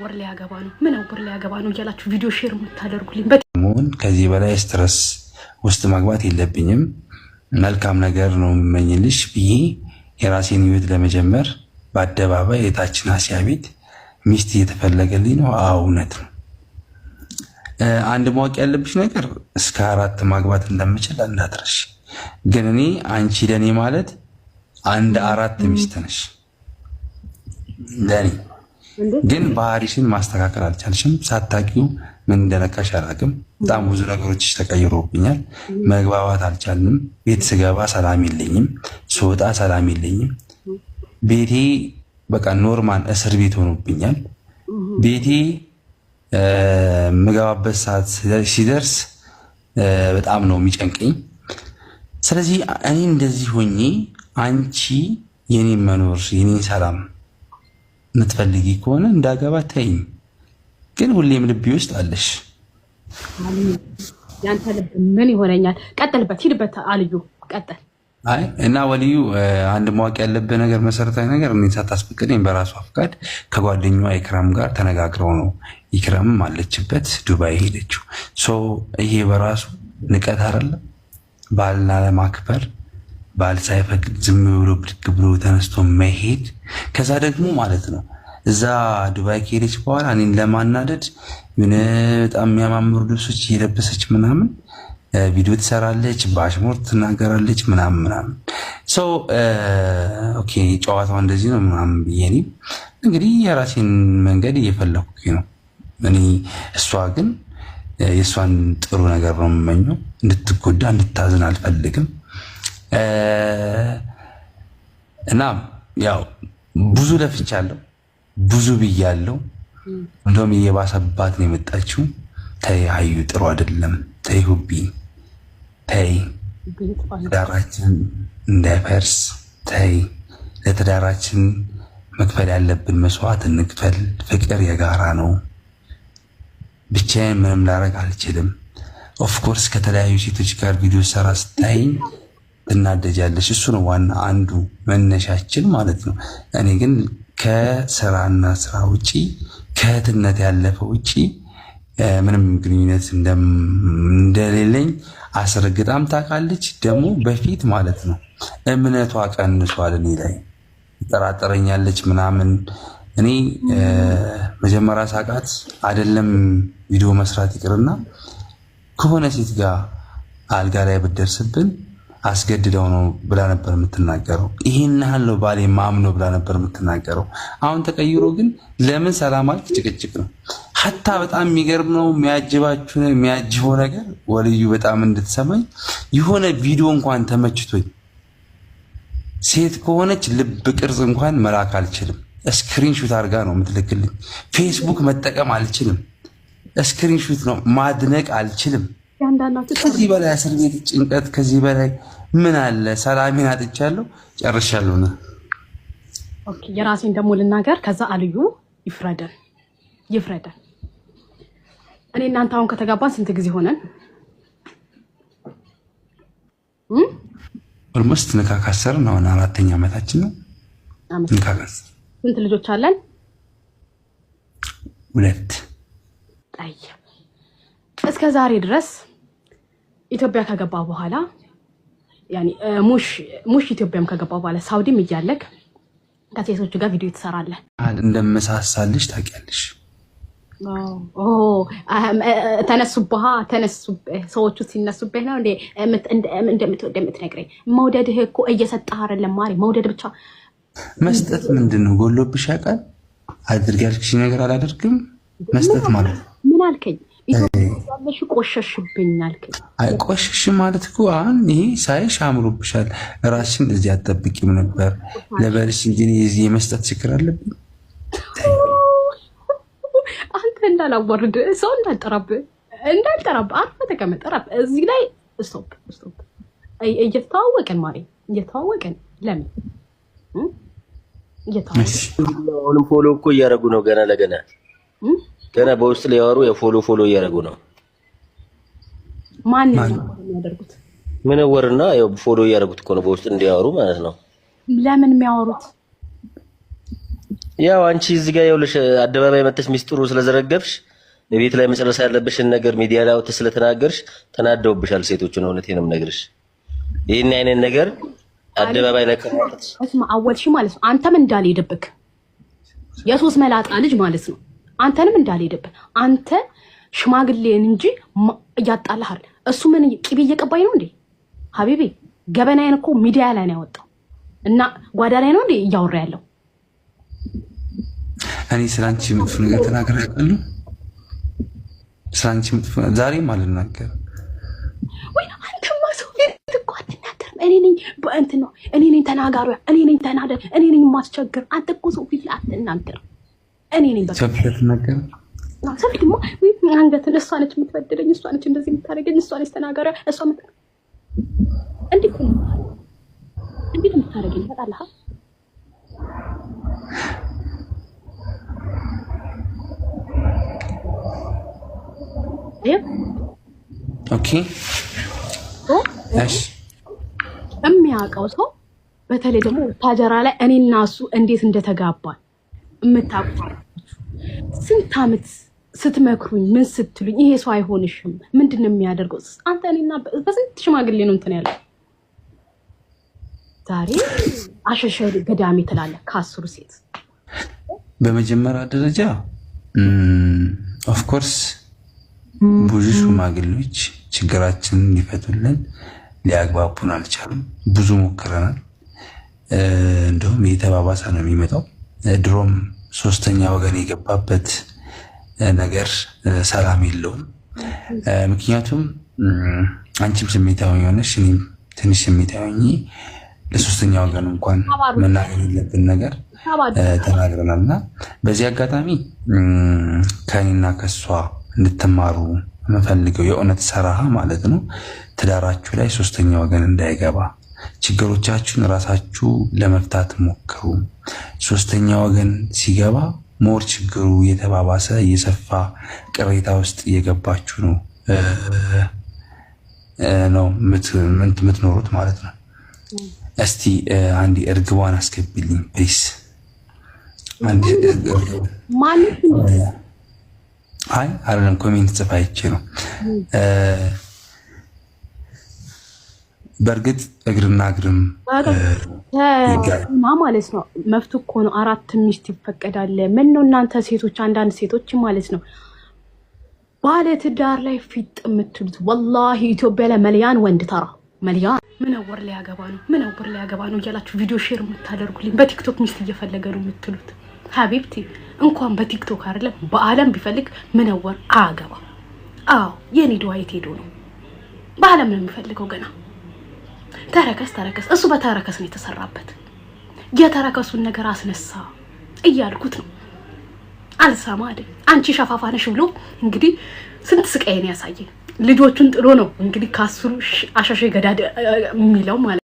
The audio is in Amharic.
ምን ሊያገባ ነው፣ ሊያገባ ነው እያላችሁ ቪዲዮ ሼር የምታደርጉልኝ መሆን ከዚህ በላይ ስትረስ ውስጥ መግባት የለብኝም። መልካም ነገር ነው የምመኝልሽ ብዬ የራሴን ህይወት ለመጀመር በአደባባይ የታችን አሲያ ቤት ሚስት እየተፈለገልኝ ነው። እውነት ነው። አንድ ማወቅ ያለብሽ ነገር እስከ አራት ማግባት እንደምችል እንዳትረሽ። ግን እኔ አንቺ ለእኔ ማለት አንድ አራት ሚስት ነሽ ለእኔ ግን ባህሪሽን ማስተካከል አልቻልሽም። ሳታቂው ምን እንደነካሽ አላቅም። በጣም ብዙ ነገሮች ተቀይሮብኛል። መግባባት አልቻልንም። ቤት ስገባ ሰላም የለኝም፣ ስወጣ ሰላም የለኝም። ቤቴ በቃ ኖርማል እስር ቤት ሆኖብኛል። ቤቴ የምገባበት ሰዓት ሲደርስ በጣም ነው የሚጨንቀኝ። ስለዚህ እኔ እንደዚህ ሆኜ አንቺ የኔን መኖር የኔን ሰላም የምትፈልጊ ከሆነ እንዳገባ ተይኝ፣ ግን ሁሌም ልቢ ውስጥ አለሽ። ያንተ ልብ ምን ይሆነኛል? ቀጥልበት፣ ሂድበት። አልዩ ቀጥል። አይ እና ወልዩ አንድ ማወቅ ያለብህ ነገር መሰረታዊ ነገር እኔን ሳታስፈቅደኝ በራሷ ፍቃድ ከጓደኛዋ ኢክራም ጋር ተነጋግረው ነው ኢክራምም አለችበት ዱባይ ሄደችው። ይሄ በራሱ ንቀት አይደለም። ባልና ለማክበር ባል ሳይፈቅድ ዝም ብሎ ብድግ ብሎ ተነስቶ መሄድ ከዛ ደግሞ ማለት ነው እዛ ዱባይ ከሄደች በኋላ እኔን ለማናደድ ምን በጣም የሚያማምሩ ልብሶች እየለበሰች ምናምን ቪዲዮ ትሰራለች፣ በአሽሙር ትናገራለች ምናምን ምናምን። ኦኬ ጨዋታው እንደዚህ ነው ምናምን ብዬ እኔ እንግዲህ የራሴን መንገድ እየፈለኩ ነው። እኔ እሷ ግን የእሷን ጥሩ ነገር ነው የምመኘው። እንድትጎዳ እንድታዝን አልፈልግም። እና ያው ብዙ ለፍቻለሁ ብዙ ብያለው። እንደውም እየባሰባት ነው የመጣችው። ተይ አዩ ጥሩ አይደለም። ተይ ሁቢ ተይ፣ ትዳራችን እንዳይፈርስ ተይ። ለትዳራችን መክፈል ያለብን መስዋዕት እንክፈል። ፍቅር የጋራ ነው። ብቻዬን ምንም ላረግ አልችልም። ኦፍኮርስ ከተለያዩ ሴቶች ጋር ቪዲዮ ሰራ ስታይኝ ትናደጃለች እሱ ነው ዋና አንዱ መነሻችን ማለት ነው። እኔ ግን ከስራና ስራ ውጪ ከእህትነት ያለፈ ውጪ ምንም ግንኙነት እንደሌለኝ አስረግጣም ታውቃለች። ደግሞ በፊት ማለት ነው እምነቷ ቀንሷል እኔ ላይ ጠራጠረኛለች ምናምን። እኔ መጀመሪያ ሳቃት አይደለም ቪዲዮ መስራት ይቅርና ከሆነ ሴት ጋር አልጋ ላይ ብደርስብን አስገድደው ነው ብላ ነበር የምትናገረው። ይህን ያህል ነው ባሌ ማምኖ ብላ ነበር የምትናገረው። አሁን ተቀይሮ ግን ለምን ሰላም አልክ? ጭቅጭቅ ነው። ሀታ በጣም የሚገርም ነው። የሚያጅባችሁ የሚያጅበው ነገር ወልዩ በጣም እንድትሰማኝ የሆነ ቪዲዮ እንኳን ተመችቶኝ ሴት ከሆነች ልብ ቅርጽ እንኳን መላክ አልችልም። ስክሪንሹት አድርጋ ነው የምትልክልኝ። ፌስቡክ መጠቀም አልችልም። ስክሪንሹት ነው ማድነቅ አልችልም። ከዚህ በላይ እስር ቤት ጭንቀት፣ ከዚህ በላይ ምን አለ ሰላሜን አጥቻለሁ። ጨርሻለሁ። ና ኦኬ፣ የራሴን ደግሞ ልናገር። ከዛ አልዩ ይፍረደን፣ ይፍረደን። እኔ እናንተ አሁን ከተጋባን ስንት ጊዜ ሆነን? ኦልሞስት ንካ ነው አሁን አራተኛ ዓመታችን ነው። ንካ ካሰርን ስንት ልጆች አለን? ሁለት። ጠይብ እስከ ዛሬ ድረስ ኢትዮጵያ ከገባ በኋላ ሙሽ ኢትዮጵያም ከገባ በኋላ ሳውዲም እያለክ ከሴቶች ጋር ቪዲዮ ትሰራለህ። እንደመሳሳልሽ ታውቂያለሽ። ተነሱብሃ ተነሱ ሰዎቹ ሲነሱብህ ነው እንደምትወደ የምትነግረኝ። መውደድህ እኮ እየሰጠህ አይደለም ማሪ። መውደድ ብቻ መስጠት ምንድን ነው? ጎሎብሽ ያውቃል። አድርጊያለሽ ነገር አላደርግም መስጠት ማለት ነው። ምን አልከኝ? ኢትዮጵያለሽ ቆሸሽብኛል። ቆሸሽ ማለት እኮ አሁን ይሄ ሳይሽ አምሮብሻል። ራስሽን እንደዚህ አጠብቂም ነበር ለበልሽ እንጂ የዚህ የመስጠት ችግር አለብኝ። አንተ እንዳላወርድ ሰው እንዳልጠራብ እንዳልጠራብ አርፈ ተቀመጠ። ራብ እዚህ ላይ ስቶፕ ስቶፕ። እየተዋወቀን ማሪ እየተዋወቀን ለምን እየተዋወቀን ፎሎ እኮ እያደረጉ ነው ገና ለገና ገና በውስጥ ሊያወሩ የፎሎ ፎሎ እያደረጉ ነው። ማን ነው የሚያደርጉት? ምን ወርና ያው ፎሎ እያደረጉት እኮ ነው፣ በውስጥ እንዲያወሩ ማለት ነው። ለምን የሚያወሩት? ያው አንቺ እዚህ ጋር ይኸውልሽ፣ አደባባይ መጥተሽ ሚስጥሩ ስለዘረገብሽ ቤት ላይ መጨረስ ያለብሽን ነገር ሚዲያ ላይ አውጥተሽ ስለተናገርሽ ተናደውብሻል ሴቶችን። እውነቴን ነው የምነግርሽ። ይህን አይነት ነገር አደባባይ ላይ ከማውጣት እስማ አወልሽ ማለት ነው። አንተም እንዳልሄደብክ የሶስት መላጣ ልጅ ማለት ነው አንተንም እንዳልሄደብህ አንተ ሽማግሌን እንጂ እያጣላሃል። እሱ ምን ቂቤ እየቀባኝ ነው እንዴ? ሀቢቤ ገበናዬን እኮ ሚዲያ ላይ ነው ያወጣው እና ጓዳ ላይ ነው እንዴ እያወራ ያለው? እኔ ስለአንቺ መጥፎ ነገር ተናገር ያውቃሉ? ስለአንቺ መጥፎ ዛሬም አልናገር ወይ አንተማ ሰው እኮ አትናገርም። እኔ ነኝ በእንትን ነው እኔ ነኝ ተናጋሪ፣ እኔ ነኝ ተናደ፣ እኔ ነኝ ማስቸግር። አንተ እኮ ሰው ፊት ላይ አትናገርም። እኔ ነኝ በቃ ሰፊ ደግሞ አንገትን እሷ ነች የምትበድለኝ፣ እሷ ነች እንደዚህ የምታደርገኝ፣ እሷ ነች ተናገረ እሷ የምታደርገኝ የሚያውቀው ሰው በተለይ ደግሞ ታጀራ ላይ እኔና እሱ እንዴት እንደተጋባል የምታውቀው ስንት ዓመት ስትመክሩኝ ምን ስትሉኝ ይሄ ሰው አይሆንሽም፣ ምንድን ነው የሚያደርገው አንተ እኔና በስንት ሽማግሌ ነው እንትን ያለ ዛሬ አሸሸ ገዳሜ ትላለ ከአስሩ ሴት በመጀመሪያ ደረጃ ኦፍኮርስ ብዙ ሽማግሌዎች ችግራችንን ሊፈቱልን ሊያግባቡን አልቻሉም። ብዙ ሞክረናል። እንደውም የተባባሰ ነው የሚመጣው። ድሮም ሶስተኛ ወገን የገባበት ነገር ሰላም የለውም። ምክንያቱም አንቺም ስሜታዊ የሆነች እኔም ትንሽ ስሜታዊ ለሶስተኛ ወገን እንኳን መናገር የለብን ነገር ተናግረናል እና በዚህ አጋጣሚ ከኔና ከሷ እንድትማሩ የምፈልገው የእውነት ሰራሃ ማለት ነው ትዳራችሁ ላይ ሶስተኛ ወገን እንዳይገባ ችግሮቻችሁን ራሳችሁ ለመፍታት ሞክሩ። ሶስተኛ ወገን ሲገባ ሞር ችግሩ እየተባባሰ እየሰፋ ቅሬታ ውስጥ እየገባችሁ ነው ነው ምትኖሩት ማለት ነው። እስቲ አንድ እርግቧን አስገቢልኝ ፕሊስ። አይ አይደለም ኮሜንት ጽፋ አይቼ ነው በእርግጥ እግርና እግርም ማለት ነው መብት እኮ ነው። አራት ሚስት ይፈቀዳል። ምን ነው እናንተ ሴቶች፣ አንዳንድ ሴቶች ማለት ነው ባለ ትዳር ላይ ፊጥ የምትሉት ወላሂ፣ ኢትዮጵያ ላይ መልያን ወንድ ተራ መልያን ምነወር ሊያገባ ነው ምነወር ሊያገባ ነው እያላችሁ ቪዲዮ ሼር የምታደርጉልኝ በቲክቶክ ሚስት እየፈለገ ነው የምትሉት ሀቢብቲ፣ እንኳን በቲክቶክ አይደለም በአለም ቢፈልግ ምነወር አገባ። አዎ የኔ ድዋ የት ሄዶ ነው? በዓለም ነው የሚፈልገው ገና ተረከስ ተረከስ እሱ በተረከስ ነው የተሰራበት። የተረከሱን ነገር አስነሳ እያልኩት ነው። አልሰማ አይደል አንቺ ሸፋፋ ነሽ ብሎ እንግዲህ ስንት ስቃይን ያሳየ ልጆቹን ጥሎ ነው እንግዲህ ከአስሩ አሻሻ ገዳድ የሚለው ማለት